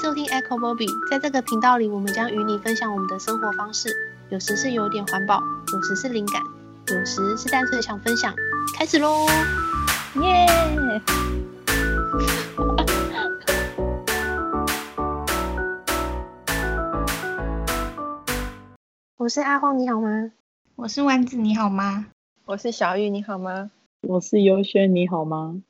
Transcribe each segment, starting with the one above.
收聽 EcoBobee，在這個頻道裡，我們將與你分享我們的生活方式。有時是有點環保，有時是靈感，有時是單純想分享。開始嘍，耶、yeah! 我是阿荒，你好嗎？我是丸子，你好嗎？我是小玉，你好嗎？我是尤軒，你好嗎？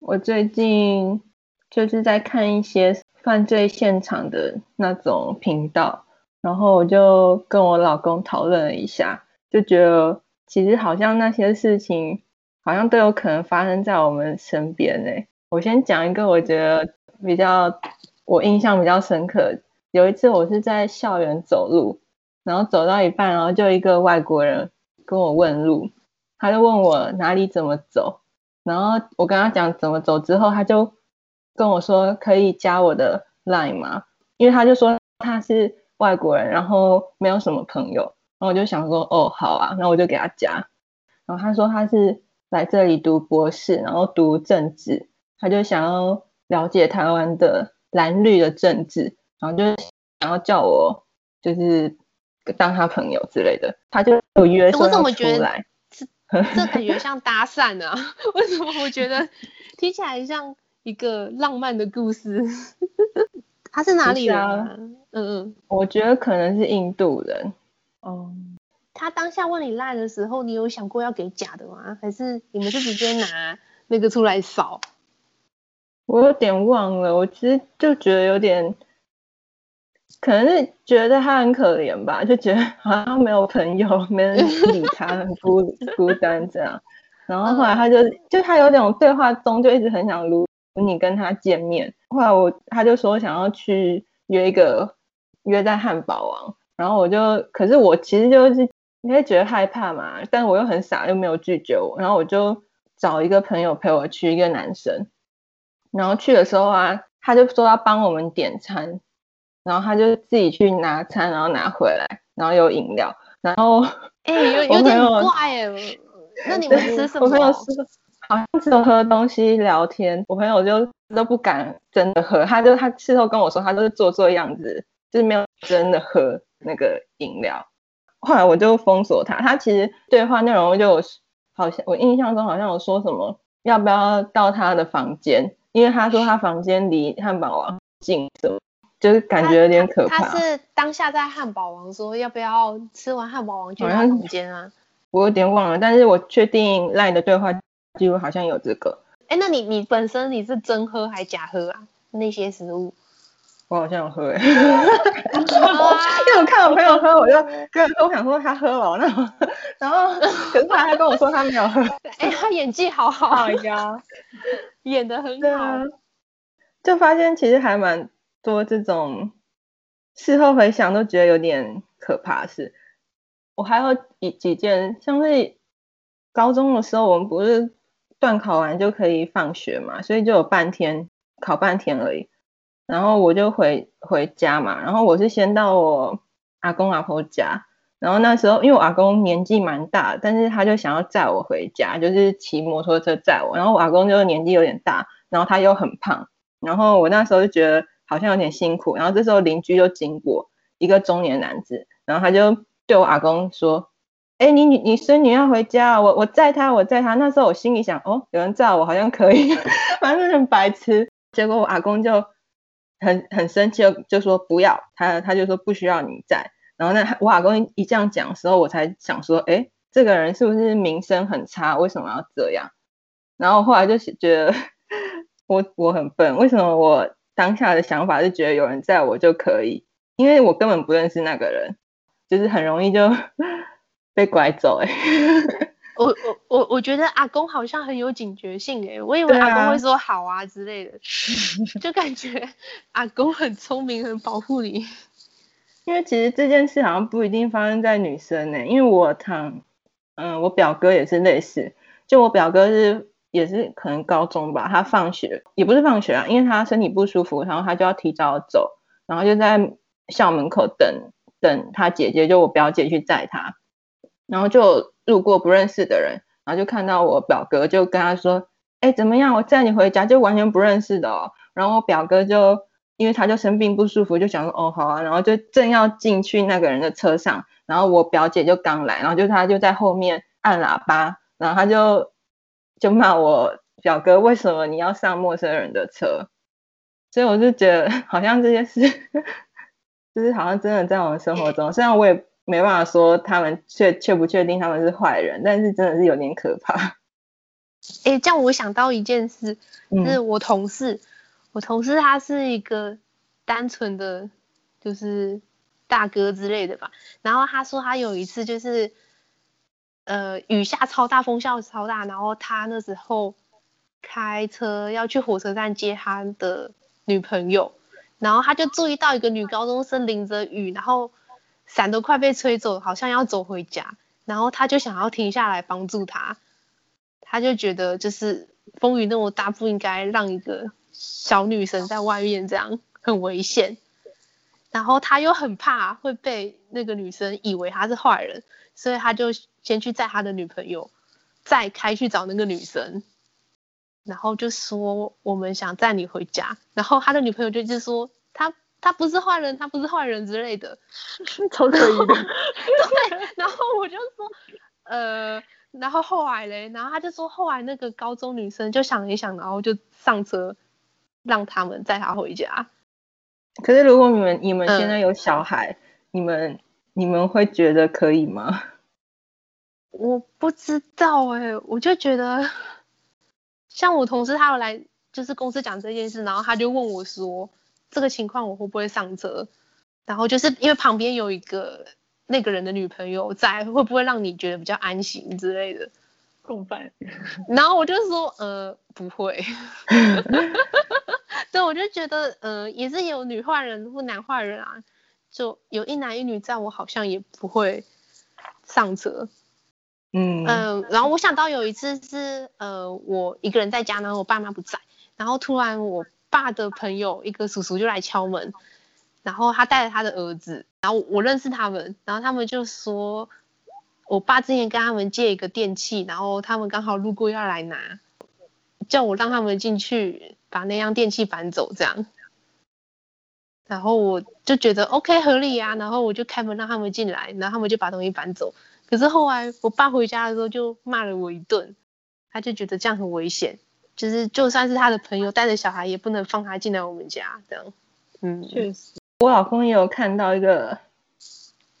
我最近就是在看一些犯罪現場的那種頻道，然後我就跟我老公討論了一下，就覺得其實好像那些事情，好像都有可能發生在我們身邊耶。我先講一個我覺得比較我印象比較深刻，有一次我是在校園走路，然後走到一半，然後就一個外國人跟我問路，他就問我哪裡怎麼走，然後我跟他講怎麼走之後，他就。跟我說可以加我的 LINE 嗎？因為他就說他是外國人，然後沒有什麼朋友，然後我就想說，哦，好啊，然後我就給他加。然後他說他是來這裡讀博士，然後讀政治，他就想要了解台灣的藍綠的政治，然後就是想要叫我就是當他朋友之類的。他就有約上出來，我怎麼覺得，這感覺像搭訕呢、啊？ 為什麼我覺得聽起來像？一個浪漫的故事， 他是哪裡人、啊？啊、嗯，嗯，我覺得可能是印度人。哦、嗯，他當下問你賴的時候，你有想過要給假的嗎？還是你們就直接拿那個出來掃？ 我有點忘了，我其實就覺得有點，可能是覺得他很可憐吧，就覺得好像沒有朋友，沒人理他，很孤 孤單這樣。然後後來他就、嗯、就他有點對話中就一直很想擼。你跟他見面，後來我他就說想要去約一個約在漢堡王，然後我就，可是我其實就是因為覺得害怕嘛，但我又很傻又沒有拒絕我，然後我就找一個朋友陪我去一個男生，然後去的時候啊，他就說要幫我們點餐，然後他就自己去拿餐，然後拿回來，然後有飲料，然後哎，欸，有有點怪哎，那你們吃什麼？好像只有喝東西聊天，我朋友就都不敢真的喝，他就他事後跟我說，他都是做做樣子，就是沒有真的喝那個飲料。後來我就封鎖他，他其實對話內容就好像我印象中好像有說什麼要不要到他的房間，因為他說他房間離漢堡王近什麼，就是感覺有點可怕。他，他，他是當下在漢堡王說要不要吃完漢堡王去他房間啊？我有點忘了，但是我確定 LINE 的對話。就好像有這個，哎、欸，那你你本身你是真喝還假喝啊？那些食物，我好像有喝、欸，哎 因為我看我朋友喝，我就跟說 我想說他喝了，然後可是他還他跟我說他沒有喝，哎，他演技好好呀， 演的很好，啊，就發現其實還蠻多這種事後回想都覺得有點可怕的事，我還有幾幾件，像是高中的時候我們不是，段考完就可以放學嘛，所以就有半天考半天而已，然後我就回回家嘛，然後我是先到我阿公阿婆家，然後那時候因為我阿公年紀蠻大，但是他就想要載我回家，就是騎摩托車載我，然後我阿公就年紀有點大，然後他又很胖，然後我那時候就覺得好像有點辛苦，然後這時候鄰居就經過一個中年男子，然後他就對我阿公說。哎、欸，你女你孫女要回家，我我載他我載他。那時候我心裡想哦，有人載我好像可以，反 正很白痴。結果我阿公就很很生氣，就說不要他，他就說不需要你在。然後那我阿公一這樣講的時候，我才想說，哎、欸，這個人是不是名聲很差？為什麼要這樣？然後後來就是覺得我我很笨，為什麼我當下的想法是覺得有人在我就可以？因為我根本不認識那個人，就是很容易就。 被拐走，哎、欸 我我我我覺得阿公好像很有警覺性哎、欸，我以為阿公會說“好啊”之類的，對啊、 就感覺阿公很聰明，很保護你。因為其實這件事好像不一定發生在女生呢、欸，因為我堂，嗯，我表哥也是類似，就我表哥是也是可能高中吧，他放學也不是放學啊，因為他身體不舒服，然後他就要提早走，然後就在校門口等等他姐姐，就我表姐去載他。然後就路過不認識的人，然後就看到我表哥，就跟他說：“哎，怎麼樣？我載你回家。”就完全不認識的哦。然後我表哥就因為他就生病不舒服，就想說：“哦，好啊。”然後就正要進去那個人的車上，然後我表姐就剛來，然後就他就在後面按喇叭，然後他就就罵我表哥：“為什麼你要上陌生人的車？”所以我就覺得好像這些事，就是好像真的在我們生活中，雖然我也。沒辦法說，他們確確不確定他們是壞人，但是真的是有點可怕。哎，這樣我想到一件事，就、嗯、是我同事，我同事他是一個單純的，就是大哥之類的吧。然後他說他有一次就是，呃，雨下超大，風效超大，然後他那時候開車要去火車站接他的女朋友，然後他就注意到一個女高中生淋着雨，然後，傘都快被吹走，好像要走回家，然後他就想要停下來幫助她，他就覺得就是風雨那麼大，不應該讓一個小女生在外面這樣，很危險，然後他又很怕會被那個女生以為他是壞人，所以他就先去載他的女朋友，再開去找那個女生，然後就說，我們想載你回家，然後他的女朋友就就說他，他不是壞人，他不是壞人之類的，超可疑的。對，然後我就說，呃，然後後來咧，然後他就說，後來那個高中女生就想一想，然後就上車，讓他們載她回家。可是，如果你們你們現在有小孩，嗯、你們你們會覺得可以嗎？我不知道哎、欸，我就覺得，像我同事他有來就是公司講這件事，然後他就問我說，這個情況我會不會上車？然後就是因為旁邊有一個那個人的女朋友在，會不會讓你覺得比較安心之類的？共犯。然後我就說，呃，不會。 對，我就覺得，呃，也是有女壞人或男壞人啊，就有一男一女在，我好像也不會上車。嗯嗯、呃。然後我想到有一次是，呃，我一個人在家呢，然後我爸媽不在，然後突然我。爸的朋友一個叔叔就來敲門，然後他帶着他的兒子，然後我認識他們，然後他們就說，我爸之前跟他們借一個電器，然後他們剛好路過要來拿，叫我讓他們進去把那樣電器搬走，這樣，然後我就覺得 OK 合理啊，然後我就開門讓他們進來，然後他們就把東西搬走，可是後來我爸回家的時候就罵了我一頓，他就覺得這樣很危險。就是就算是他的朋友帶着小孩，也不能放他進來我們家這樣。嗯，確實，我老公也有看到一個，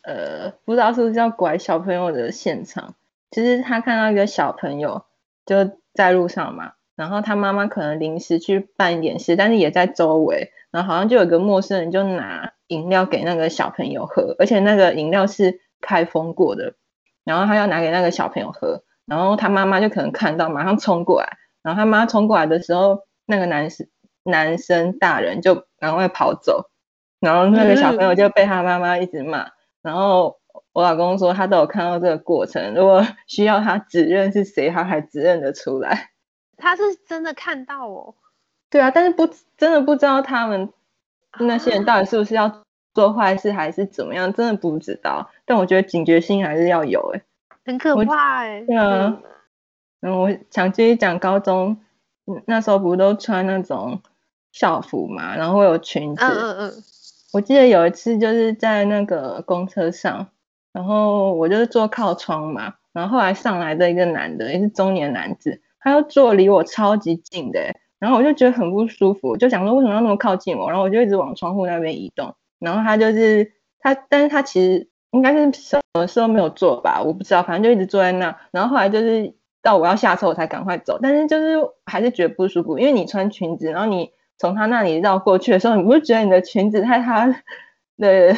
呃，不知道是不是叫拐小朋友的現場。其實他看到一個小朋友就在路上嘛，然後他媽媽可能臨時去辦一點事，但是也在周圍，然後好像就有個陌生人就拿飲料給那個小朋友喝，而且那個飲料是開封過的，然後他要拿給那個小朋友喝，然後他媽媽就可能看到，馬上衝過來。然後他媽衝過來的時候，那個男生男生大人就趕快跑走，然後那個小朋友就被他媽媽一直罵。嗯、然後我老公說他都有看到這個過程，如果需要他指認是誰，他還指認得出來。他是真的看到哦。對啊，但是不，真的不知道他們那些人到底是不是要做壞事還是怎麼樣，啊、真的不知道。但我覺得警覺心還是要有、欸，哎，很可怕、欸，哎，對啊。嗯嗯，然後我想繼續講高中，那時候不都穿那種校服嘛，然後我有裙子。嗯嗯，我記得有一次就是在那個公車上，然後我就是坐靠窗嘛，然後後來上來的一個男的，也是中年男子，他就坐離我超級近的，然後我就覺得很不舒服，就想說為什麼要那麼靠近我，然後我就一直往窗戶那邊移動，然後他就是他，但是他其實應該是什麼事都沒有做吧，我不知道，反正就一直坐在那，然後後來就是。到我要下車，我才趕快走。但是就是還是覺得不舒服，因為你穿裙子，然後你從他那裡繞過去的時候，你不會覺得你的裙子在他的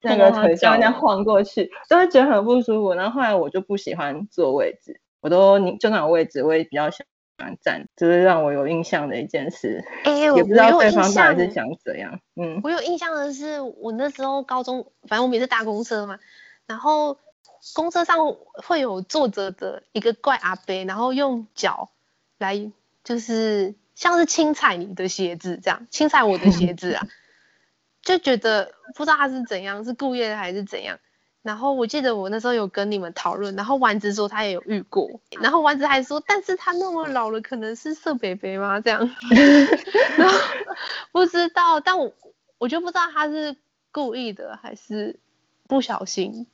那個腿上那樣晃過去，就會、欸、覺得很不舒服。然後後來我就不喜歡坐位置，我都你正常位置我也比較喜歡站，就是讓我有印象的一件事。欸、我也不知道對方到底是想怎樣。嗯，我有印象的是我那時候高中，反正我們也是搭公車嘛，然後，公車上會有坐着的一個怪阿伯，然後用腳來就是像是輕踩你的鞋子這樣，輕踩我的鞋子啊，就覺得不知道他是怎樣，是故意的還是怎樣。然後我記得我那時候有跟你們討論，然後丸子說他也有遇過，然後丸子還說，但是他那麼老了，可能是色北北嗎？這樣， 然後不知道，但我我就不知道他是故意的還是不小心。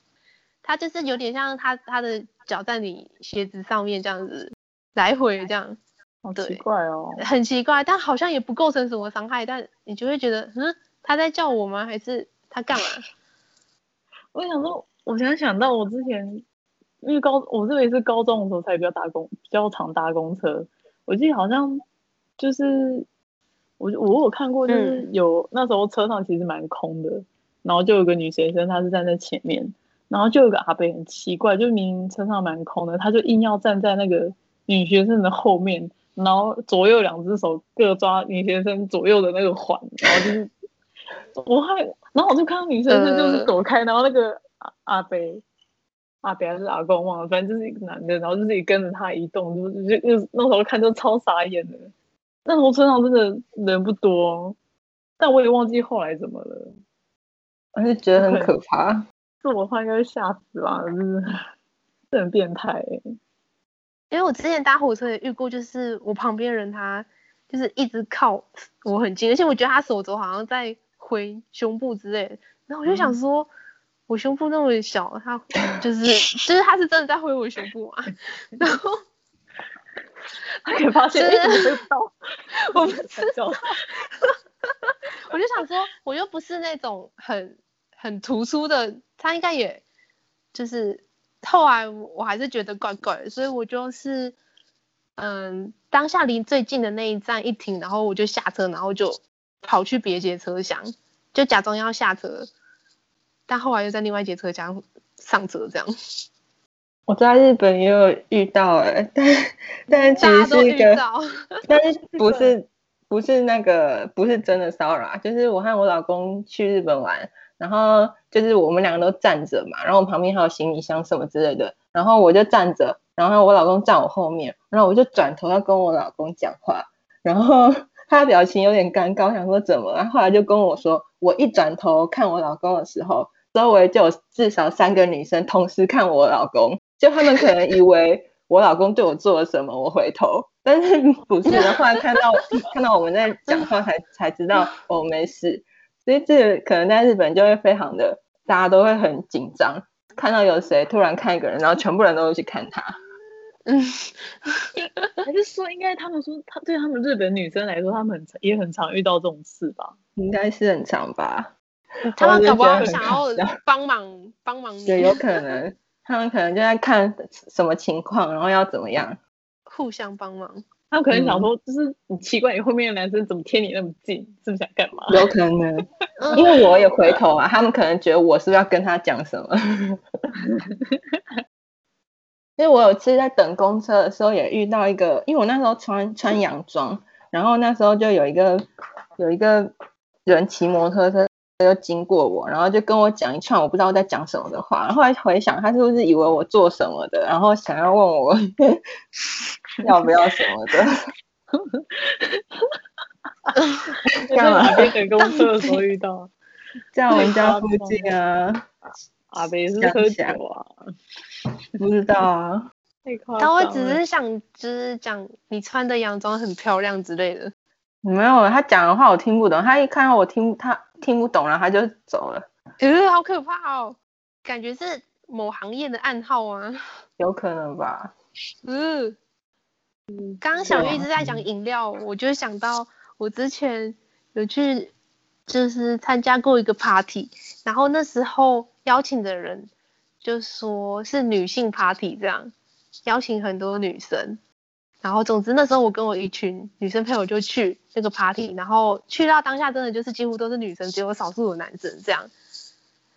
他就是有點像他他的腳在你鞋子上面這樣子來回這樣，對，好奇怪哦，很奇怪，但好像也不構成什麼傷害，但你就會覺得，嗯，他在叫我嗎？還是他幹嘛？我想說，我想想到我之前，因為高我這裡是高中的時候才比較搭公，比較常搭公車，我記得好像就是我我我有看過，就是有、嗯、那時候車上其實蠻空的，然後就有個女學生，她是站在前面。然後就有個阿伯，很奇怪，就明明車上蠻空的，他就硬要站在那個女學生的後面，然後左右兩隻手各抓女學生左右的那個環，然後就是 我害，然後我就看到女學生就是躲開，呃、然後那個阿伯，阿伯還是阿公忘了，反正就是一個男的，然後就自己跟着他移動，就就就那個時候看就超傻眼的，那時候車上真的人不多，但我也忘記後來怎麼了，我就覺得很可怕。是我話應該會嚇死吧，是不是？這很變態哎、欸。因為我之前搭火車也遇過，就是我旁邊人他就是一直靠我很近，而且我覺得他手肘好像在揮胸部之類的，然後我就想說，嗯、我胸部那麼小，他就是就是他是真的在揮我胸部啊。 然後，他以發現一直我不是在 我就想說，我又不是那種很。很突出的，他應該也就是後來我還是覺得怪怪，所以我就是嗯，當下離最近的那一站一停，然後我就下車，然後就跑去別節車廂，就假裝要下車，但後來又在另外一節車廂上車，這樣。我在日本也有遇到哎，但但其實是一個，遇到但是不是 對 不是那個不是真的騷擾，就是我和我老公去日本玩。然後就是我們兩個都站着嘛，然後旁邊還有行李箱什麼之類的，然後我就站着，然後我老公站我後面，然後我就轉頭要跟我老公講話，然後他的表情有點尷尬，我想說怎麼？然後後來就跟我說，我一轉頭看我老公的時候，周圍就有至少三個女生同時看我老公，就他們可能以為我老公對我做了什麼，我回頭，但是不是的話，後後來看到 看到我們在講話才才知道，哦，沒事。所以這可能在日本就會非常的，大家都會很緊張，看到有誰突然看一個人，然後全部人都會去看他。嗯， 還是說應該他們說，他對他們日本女生來說，他們很也很常遇到這種事吧？應該是很常吧？他們可不想要幫忙幫忙。有可能他們可能就在看什麼情況， 然後要怎麼樣互相幫忙。他們可能想說，嗯、就是你奇怪，你後面的男生怎麼貼你那麼近，是不是想幹嘛？有可能，因為我也回頭啊， 他們可能覺得我是不是要跟他講什麼？ 因為我有次在等公車的時候，也遇到一個，因為我那時候穿穿洋裝，然後那時候就有一個有一個人騎摩托車就經過我，然後就跟我講一串我不知道我在講什麼的話，然後來回想，他是不是以為我做什麼的，然後想要問我？ 要不要什麼的？在那邊等公車的時候遇到，在時我們家附近啊。阿貝是喝酒啊？不知道啊。太誇張了。但我只是想，就是講你穿的洋裝很漂亮之類的。的類的沒有，他講的話我聽不懂。他一看到我聽，他聽不懂了，他就走了。呃，好可怕哦，感覺是某行業的暗號啊。有可能吧。嗯。剛剛小玉一直在講飲料，哇我就想到我之前有去，就是參加過一個 party，然後那時候邀請的人就說是女性 party，這樣，邀請很多女生，然後總之那時候我跟我一群女生朋友就去那個 party，然後去到當下真的就是幾乎都是女生，只有少數的男生這樣，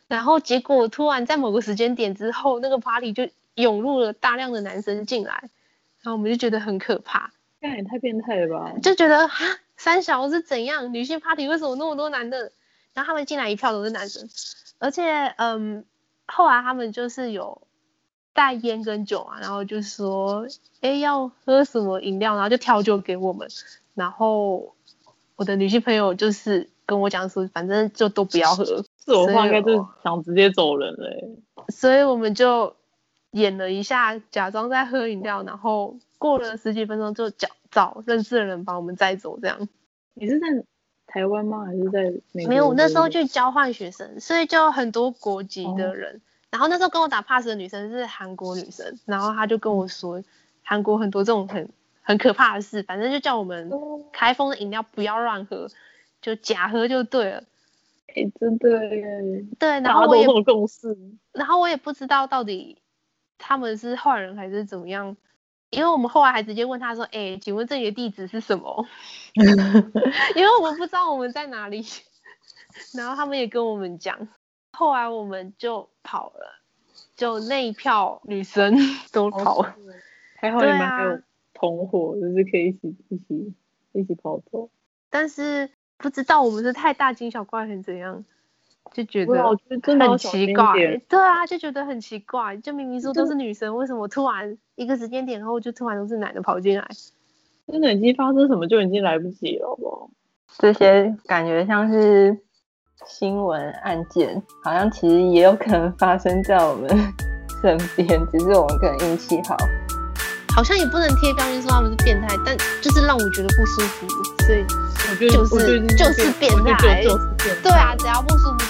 然後結果突然在某個時間點之後，那個 party 就湧入了大量的男生進來。然後我們就覺得很可怕，那也、欸、太變態了吧？就覺得啊，三小是怎樣？女性 party 為什麼那麼多男的？然後他們進來一票都是男生，而且嗯，後來他們就是有帶煙跟酒啊，然後就說，哎、欸，要喝什麼飲料？然後就調酒給我們。然後我的女性朋友就是跟我講說，反正就都不要喝。是我的話應該就是想直接走人嘞。所以我們就。演了一下，假裝在喝飲料，然後過了十幾分鐘就找認識的人把我們載走。這樣，你是在台灣嗎？還是在美國？沒有，我那時候去交換學生，所以就很多國籍的人。哦、然後那時候跟我打 pass 的女生是韓國女生，然後她就跟我說，韓、嗯、國很多這種很很可怕的事，反正就叫我們開封的飲料不要亂喝，就假喝就對了。哎、欸，真的耶。對，然後我也。多多事，然後我也不知道到底，他們是壞人還是怎麼樣？因為我們後來還直接問他說：“誒、欸，請問這裡的地址是什麼？” 因為我們不知道我們在哪裡。然後他們也跟我們講，後來我們就跑了，就那一票女生都跑了，都跑了。還好你們還有同夥，啊、就是可以一起一起一起跑走。但是不知道我們是太大驚小怪還是怎樣。就覺得很奇怪、欸，對啊，就覺得很奇怪，就明明說都是女生，為什麼突然一個時間點後就突然都是男的跑進來？真的已經發生什麼，就已經來不及了吧？這些感覺像是新聞案件，好像其實也有可能發生在我們身邊，只是我們可能運氣好。好像也不能貼標籤說他們是變態，但就是讓我覺得不舒服，所以我覺得就是就是變態，對啊，只要不舒服。